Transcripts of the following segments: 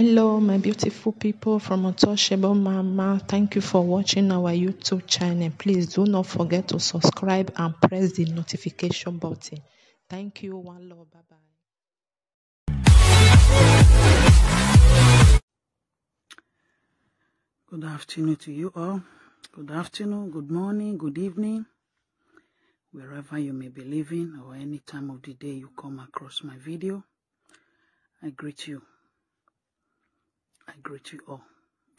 Hello, my beautiful people from Untouchable Mama. Thank you for watching our YouTube channel. Please do not forget to subscribe and press the notification button. Thank you. One love. Bye bye. Good afternoon to you all. Good afternoon, good morning, good evening. Wherever you may be living or any time of the day you come across my video, I greet you I greet you all.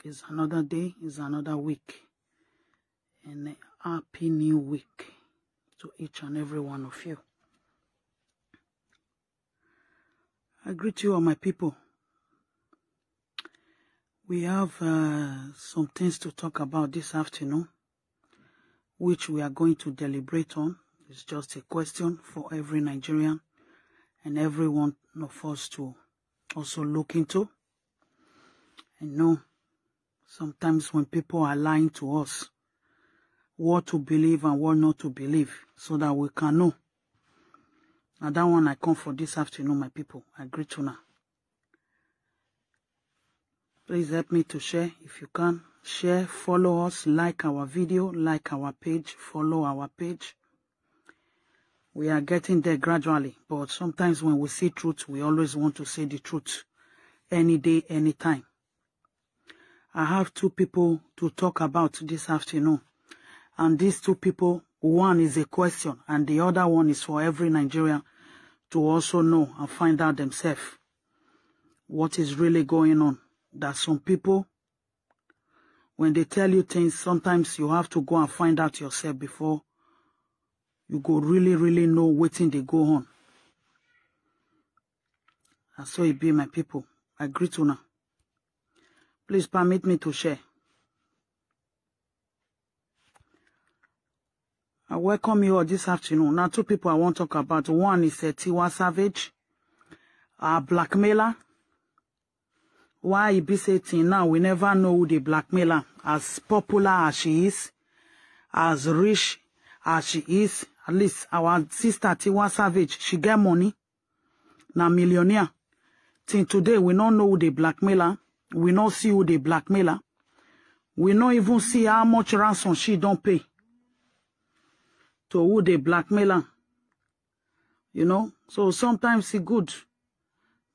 It's another day, it's another week, and a happy new week to each and every one of you. I greet you all, my people. We have uh, some things to talk about this afternoon, which we are going to deliberate on. It's just a question for every Nigerian and every one of us to also look into. I know sometimes when people are lying to us, what to believe and what not to believe, so that we can know. And that one I come for this afternoon, my people. I greet you now. Please help me to share if you can. Share, follow us, like our video, like our page, follow our page. We are getting there gradually, but sometimes when we see truth, we always want to say the truth. Any day, any time. I have two people to talk about this afternoon. And these two people, one is a question and the other one is for every Nigerian to also know and find out themselves what is really going on. That some people, when they tell you things, sometimes you have to go and find out yourself before you go really, really know what they go on. And so it be, my people. I greet you now. Please permit me to share. I welcome you all this afternoon. Now, two people I want to talk about. One is uh, Tiwa Savage, a uh, blackmailer. Why he be saying now, we never know who the blackmailer, as popular as she is, as rich as she is. At least our sister Tiwa Savage, she get money. Now, millionaire. Till today, we don't know who the blackmailer We not see who they blackmailer. We not even see how much ransom she don't pay to who they blackmailer. You know, so sometimes it's good.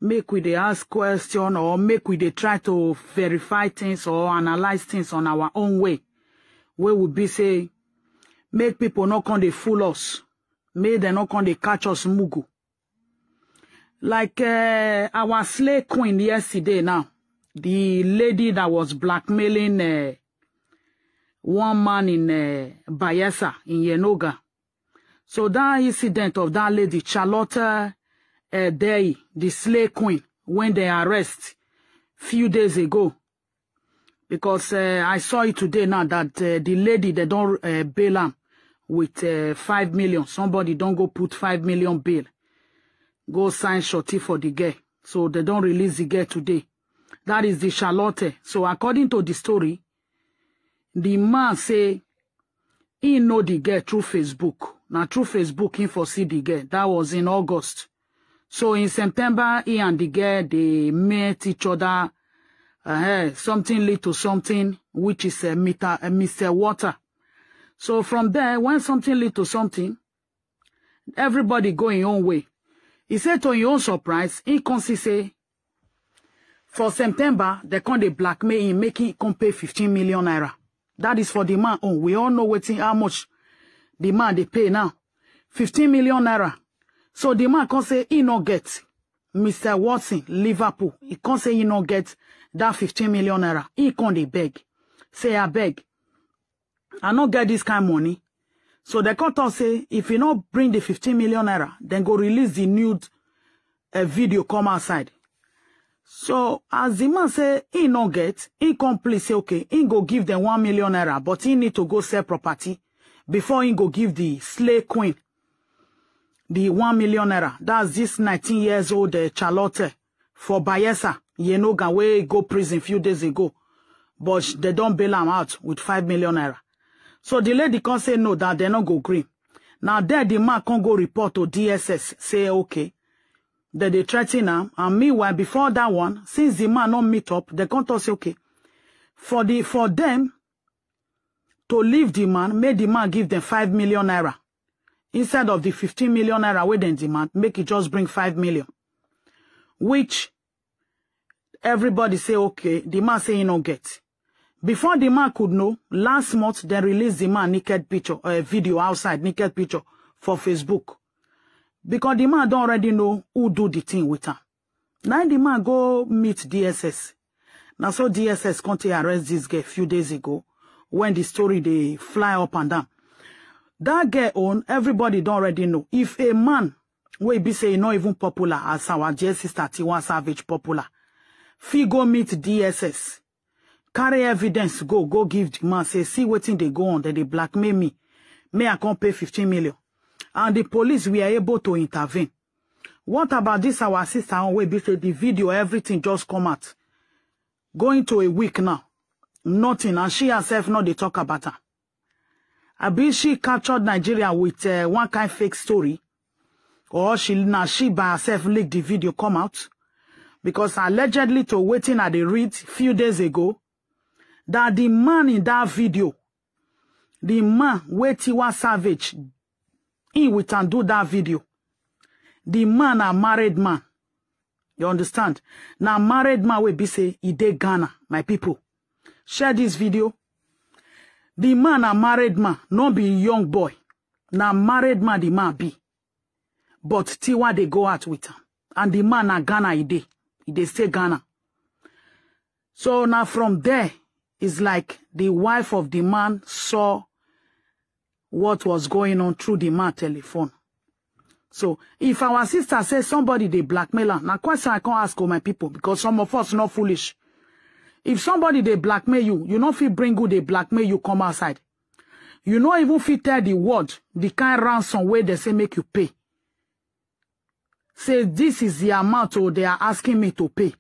Make we they ask question or make we they try to verify things or analyze things on our own way. Where we be say, make people not come they fool us. Make they not come they catch us mugu. Like uh, our slave queen yesterday now. the lady that was blackmailing uh, one man in uh, Bayelsa in Yenoga. So that incident of that lady, Charlotte uh, eh, Day, the slay queen, when they arrest few days ago, because uh, I saw it today now that uh, the lady they don't uh, bail him with uh, five million. Somebody don't go put five million bail. Go sign shorty for the girl. So they don't release the girl today. That is the Charlotte. So according to the story, the man say he know the girl through Facebook. Now through Facebook, he for see the girl. That was in August. So in September, he and the girl they met each other. Uh, something lead to something, which is a meter, a Mr. Water. So from there, when something lead to something, everybody go in own way. He said to your own surprise, he consi say for september they come dey blackmail him make him come pay 15 million naira that is for the man Oh, we all know waiting how much the man they pay now 15 million naira so the man come say he no get mr watson liverpool He come say he no get that 15 million naira He come They beg say I beg. i no get dis kain money so the come say if e no bring the 15 million naira then go release the nude eh, video come outside So as the man say he no get, he come say okay, he go give them one million naira, but he need to go sell property before he go give the slay queen the one million naira. That's this 19 years old uh, Charlotte for Bayelsa Yenoga wey go prison few days ago, but they don't bail him out with five million naira. So the lady can't say no that they no go green. Now there the man can go report to DSS say okay. Then they threaten him. And meanwhile, before that one, since the man not meet up, they can't say, okay, for, the, for them to leave the man, make the man give them 5 million naira. Instead of the 15 million naira where they demand, make it e just bring 5 million. Which everybody say, okay, the man say he no get. Before the man could know, last month they released the man naked picture, a uh, eh, video outside, naked picture for Facebook because the man don already know who do the thing with her. Now the man go meet dss Now so dss come take arrest this girl few days ago When the story they fly up and down That girl own everybody don already know if a man wey be say not even popular as our dear sister tiwa savage popular fit go meet dss carry evidence go go give the man say see what thing they go on dem they blackmail me may i come pay 15 million and the police were able to intervene. What about this our sister Onwe say the video, everything just come out. Going to a week now. Nothing, and she herself not they talk about her. I Abi she captured Nigeria with uh, one kind fake story. Or she now she by herself leaked the video come out. Because allegedly to waiting at the read few days ago, that the man in that video, the man where was Savage in with and do that video. The man a married man. You understand? Now married man will be say, he dey Ghana, my people. Share this video. The man a married man, not be young boy. Now married man the man be. But Tiwa they go out with him. And the man a Ghana he dey. He dey stay Ghana. So now from there, it's like the wife of the man saw what was going on through the man telephone. So if our sister says somebody they blackmail her, now question I can't ask all my people because some of us not foolish. If somebody they blackmail you, you not feel bring good, they blackmail you come outside. You not even feel tell the word, the kind ransom way they say make you pay. Say this is the amount or oh, they are asking me to pay.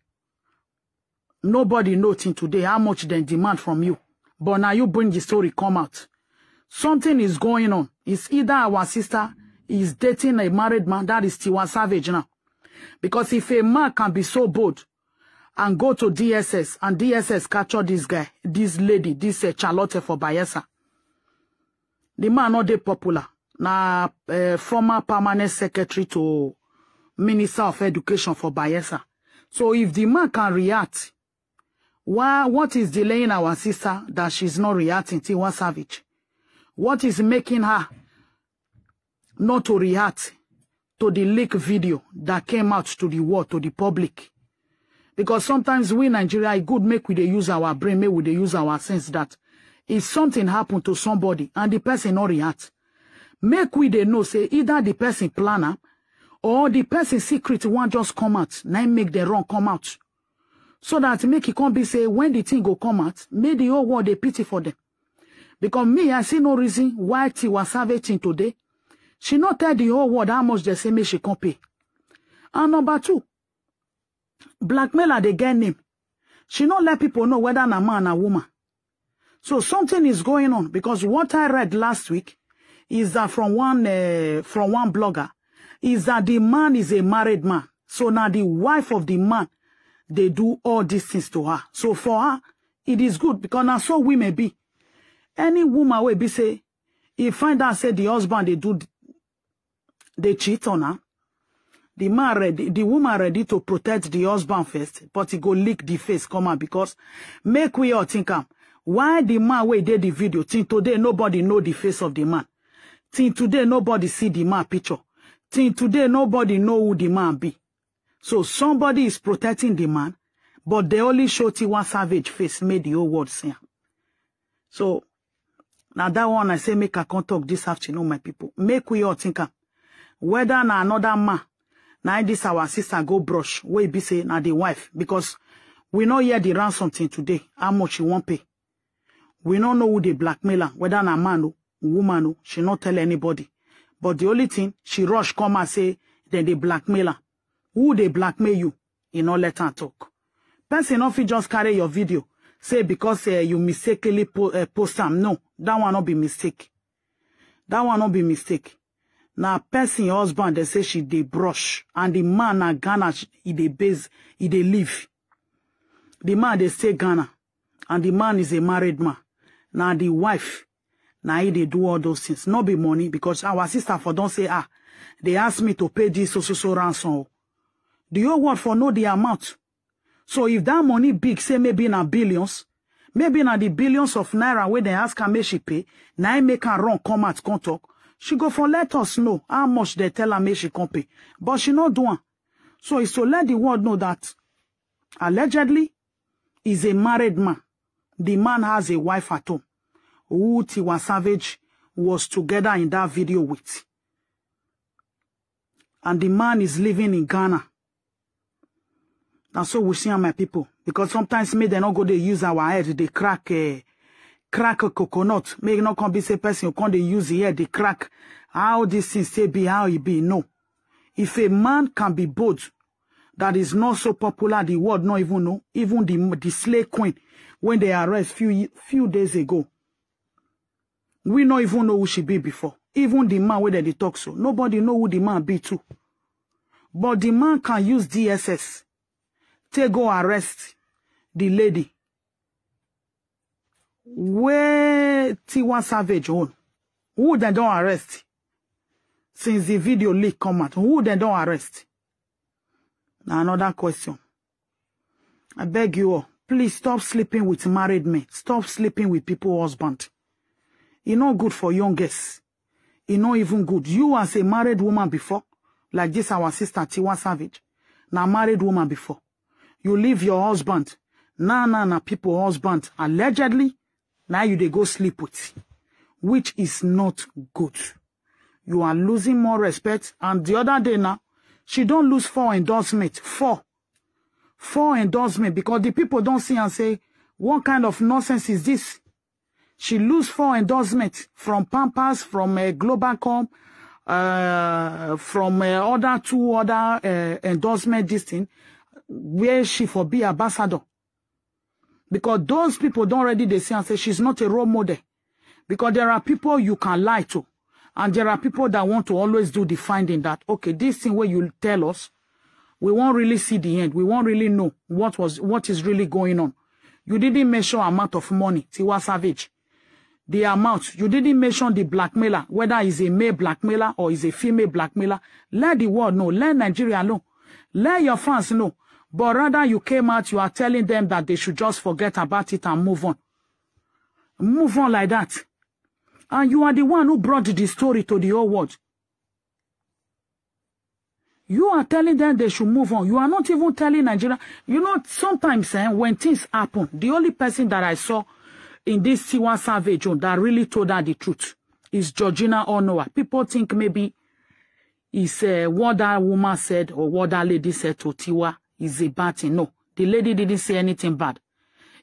Nobody noting today how much they demand from you. But now you bring the story come out. Something is going on. It's either our sister is dating a married man that is Tiwa Savage now. Because if a man can be so bold and go to DSS and DSS capture this guy, this lady, this uh, Charlotte for Bayelsa, the man not dey popular. now, uh, former permanent secretary to Minister of Education for Bayelsa. So if the man can react, why what is delaying our sister that she's not reacting? Tiwa Savage. What is making her not to react to the leak video that came out to the world, to the public? Because sometimes we Nigeria, good make we they use our brain, make we they use our sense that if something happened to somebody and the person not react, make we they know, say either the person planner or the person secret one just come out, now make the wrong come out. So that make it come be say when the thing go come out, may the whole world they pity for them. Because me, I see no reason why she was savaging today. She not tell the whole world how much they say me she can pay. And number two, blackmailer they get name. She not let people know whether na man or woman. So something is going on because what I read last week is that from one uh, from one blogger is that the man is a married man. So now the wife of the man, they do all these things to her. So for her, it is good because now so may be any woman wey be say e find out say the husband they do they cheat on her the man ready the woman ready to protect the husband first but he go lick the face come on, because make we all think am why the man wey did the video till today nobody know the face of the man till today nobody see the man picture till today nobody know who the man be so somebody is protecting the man but they only show one Savage face made the whole world see am so Now that one i say make a come talk dis afternoon my people. make we all think ah, whether weda na anoda man na this our sister go brush We be say na the wife because we no hear di ransom tin today how much she won't pay we no know who the blackmailer. Whether na man o woman o she no tell anybody but the only thing she rush come and say then the blackmailer. who dey blackmail you You no let her talk. person no fit just carry your video say because uh, you mistakenly po uh, post am no that one not be mistake that one not be mistake Now, person husband they say she dey brush and the man na ghana He dey base he dey live the man they say ghana and the man is a married man Now the wife na he dey do all those things Not be money because our sister for don't say ah they ask me to pay this so so so ransom o the whole for know the amount so if that money big say maybe na billions maybe na the billions of naira wey they ask her make she pay now im make her run come out come talk she go for let us know how much they tell her make she come pay but she not do so e so let the world know that allegedly is a married man The man has a wife at home who tiwa savage was together in that video with and the man is living in ghana And so we see on my people. Because sometimes me, they not go, they use our head, they crack, uh, crack a coconut. Make not come be say person, you can't they use here, they crack. How this thing say be, how it be, no. If a man can be bold, that is not so popular, the world not even know, even the, the slave queen, when they arrest few, few days ago. We not even know who she be before. Even the man where they talk so. Nobody know who the man be too. But the man can use DSS take go arrest the lady Where Tiwa Savage own who they don't arrest since the video leak come out who they don't arrest Now another question i beg you all please stop sleeping with married men stop sleeping with people husband e no good for young girls e no even good you as a married woman before like this our sister tiwa savage na married woman before you leave your husband na na na people husband allegedly now you dey go sleep with which is not good you are losing more respect and the other day now, she don't lose four endorsement four four endorsement because the people don't see and say what kind of nonsense is this she lose four endorsement from Pampas from uh, Globalcom uh, from uh, other two other uh, endorsement this thing where she for be ambassador. Because those people don't already they say and say she's not a role model. Because there are people you can lie to. And there are people that want to always do the finding that, okay, this thing where you tell us, we won't really see the end. We won't really know what was what is really going on. You didn't mention amount of money, Tiwa Savage. The amount. You didn't mention the blackmailer, whether he's a male blackmailer or he's a female blackmailer. Let the world know. Let Nigeria know. Let your fans know. But rather you came out, you are telling them that they should just forget about it and move on. Move on like that. And you are the one who brought the story to the whole world. You are telling them they should move on. You are not even telling Nigeria. You know, sometimes eh, when things happen, the only person that I saw in this Tiwa survey zone that really told her the truth is Georgina Onoa. People think maybe it's uh, what that woman said or what that lady said to Tiwa is a bad thing. No, the lady didn't say anything bad.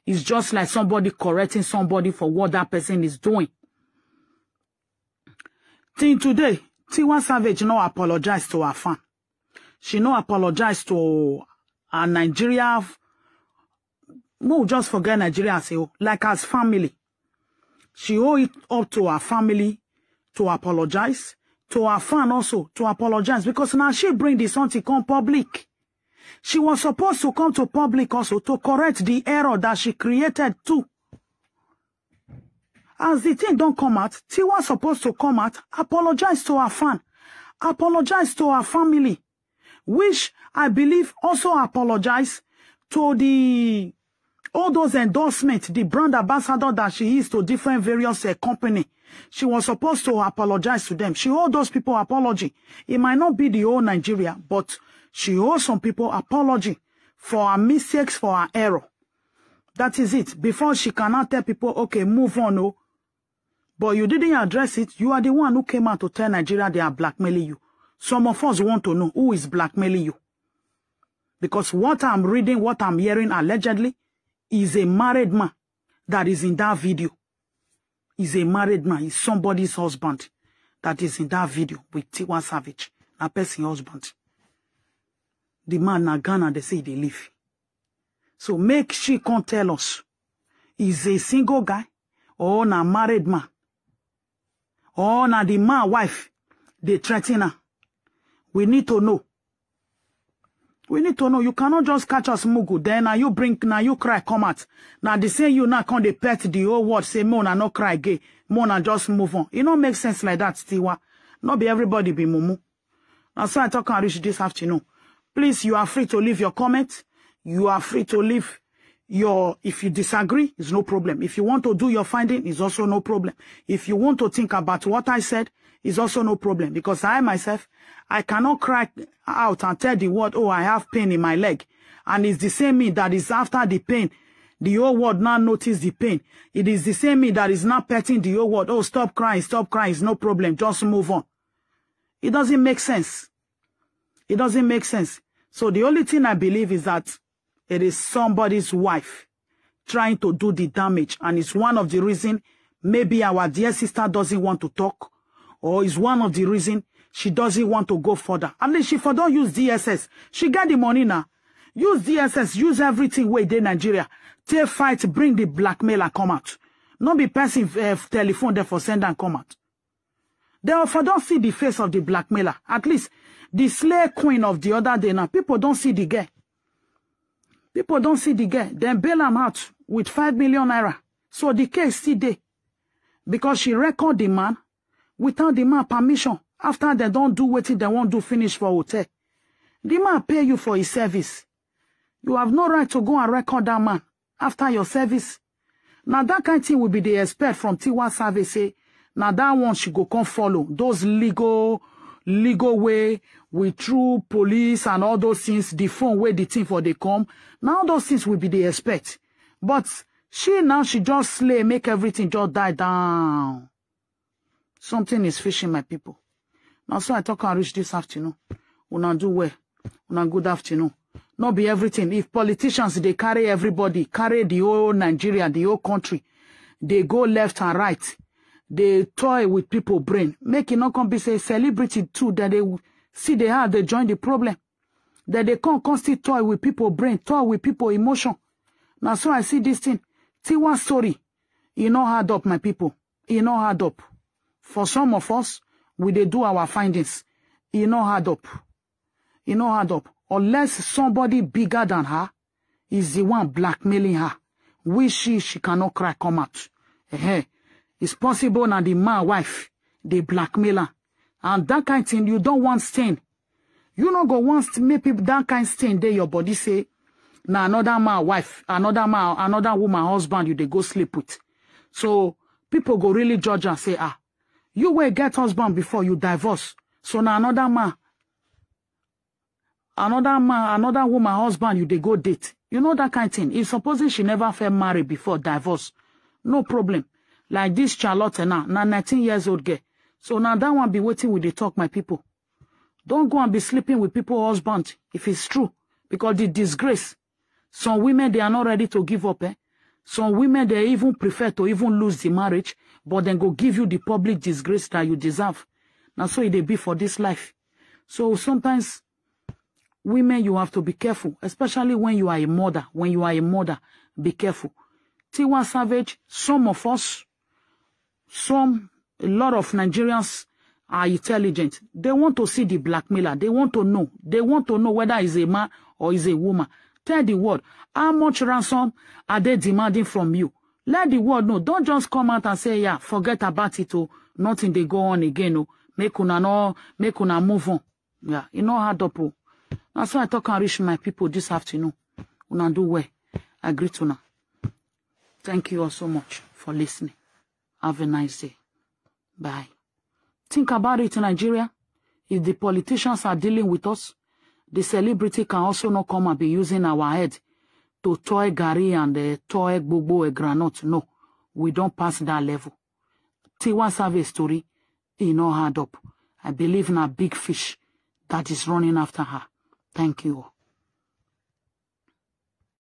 It's just like somebody correcting somebody for what that person is doing. Thing today, Tiwa Savage no apologize to her fan. She no apologize to her Nigeria. No, just forget Nigeria as like as family. She owe it up to her family to apologize. To her fan also to apologize because now she bring this auntie come public. She was supposed to come to public also to correct the error that she created too. As the thing don't come out, Tiwa supposed to come out, apologize to her fan, apologize to her family, which I believe also apologize to the all those endorsements, the brand ambassador that she is to different various uh, company. She was supposed to apologize to them. She owe those people apology. It might not be the whole Nigeria, but She owes some people apology for her mistakes, for her error. That is it. Before she cannot tell people, okay, move on, oh. But you didn't address it. You are the one who came out to tell Nigeria they are blackmailing you. Some of us want to know who is blackmailing you. Because what I'm reading, what I'm hearing allegedly, is a married man that is in that video. Is a married man, is somebody's husband that is in that video with Tiwa Savage, a person's husband the man na Ghana, they say they live. So make she come tell us, is a single guy or na married man? Or na the man wife, they threaten her. We need to know. We need to know. You cannot just catch us mugu. Then now you bring, now you cry, come out. Now they say you now come they pet the whole world, say Mona no cry gay. Mona just move on. It e don't make sense like that, Tiwa. Not be everybody be mumu. Now so I talk and reach this afternoon. Please, you are free to leave your comment. You are free to leave your, if you disagree, it's no problem. If you want to do your finding, it's also no problem. If you want to think about what I said, it's also no problem. Because I myself, I cannot cry out and tell the world, oh, I have pain in my leg. And it's the same me that is after the pain. The old world now notice the pain. It is the same me that is now petting the old world. Oh, stop crying, stop crying. It's no problem. Just move on. It doesn't make sense. It doesn't make sense. So the only thing I believe is that it is somebody's wife trying to do the damage. And it's one of the reason maybe our dear sister doesn't want to talk. Or is one of the reason she doesn't want to go further. At least she for don't use DSS. She get the money now. Use DSS, use everything where they Nigeria. Take fight, bring the blackmailer come out. Not be person uh, eh, telephone there for send and come out. They offer don't see the face of the blackmailer. At least the slay queen of the other day now. People don't see the girl. People don't see the girl. Then bail him out with 5 million naira. So the case still there. Because she record the man without the man permission. After they don't do what they won't do finish for hotel. The man pay you for his service. You have no right to go and record that man after your service. Now that kind of thing will be the expert from Tiwa Service. Now that one she go come follow. Those legal legal way with through police and all those things the phone wey the thing for they come Now those things will be the expect but she now she just slay make everything just die down something is fishing my people Now so i talk and reach this afternoon una do well una good afternoon Not be everything if politicians they carry everybody carry the whole nigeria the whole country they go left and right they toy with people brain. Make it not come be say celebrity too that they see they have they join the problem. That they can't constantly toy with people brain, toy with people emotion. Now so I see this thing. T1 story. You know hard up, my people. You know hard up. For some of us, we they do our findings. You know hard up. You know hard up. Unless somebody bigger than her is the one blackmailing her. wish she, she cannot cry come out. Uh It's possible now the man wife dey blackmail am and dat kain thing you don't want stain you no go want make that kind kain stain dey your body say now another man wife another man another woman husband you dey go sleep with so people go really judge and say ah you wey get husband before you divorce so now another man another man another woman husband you dey go date you know dat kain thing. if supposing she never fair marry before divorce no problem like this charlotte now now 19 years old girl so now that one be waiting with the talk my people. Don't go and be sleeping with people, husband if it's true because the disgrace some women they are not ready to give up eh some women they even prefer to even lose the marriage but then go give you the public disgrace that you deserve Now, so it be for this life so sometimes women you have to be careful especially when you are a mother when you are a mother be careful tiwa savage some of us Some, a lot of Nigerians are intelligent. They want to see the blackmailer. They want to know. They want to know whether it's a man or it's a woman. Tell the world, how much ransom are they demanding from you? Let the world know. Don't just come out and say, yeah, forget about it. Oh, nothing they go on again. Oh, make una no, make una move on. Yeah, you know how up. Oh. That's why I talk and reach my people this afternoon. Una do well. I greet una. Thank you all so much for listening. Have a nice day. Bye. Think about it, Nigeria. If the politicians are dealing with us, the celebrity can also not come and be using our head to toy Gary and uh, toy gbogbo a eh, granite. No, we don't pass that level. Tiwa Savage story, you know, hard up. I believe in a big fish that is running after her. Thank you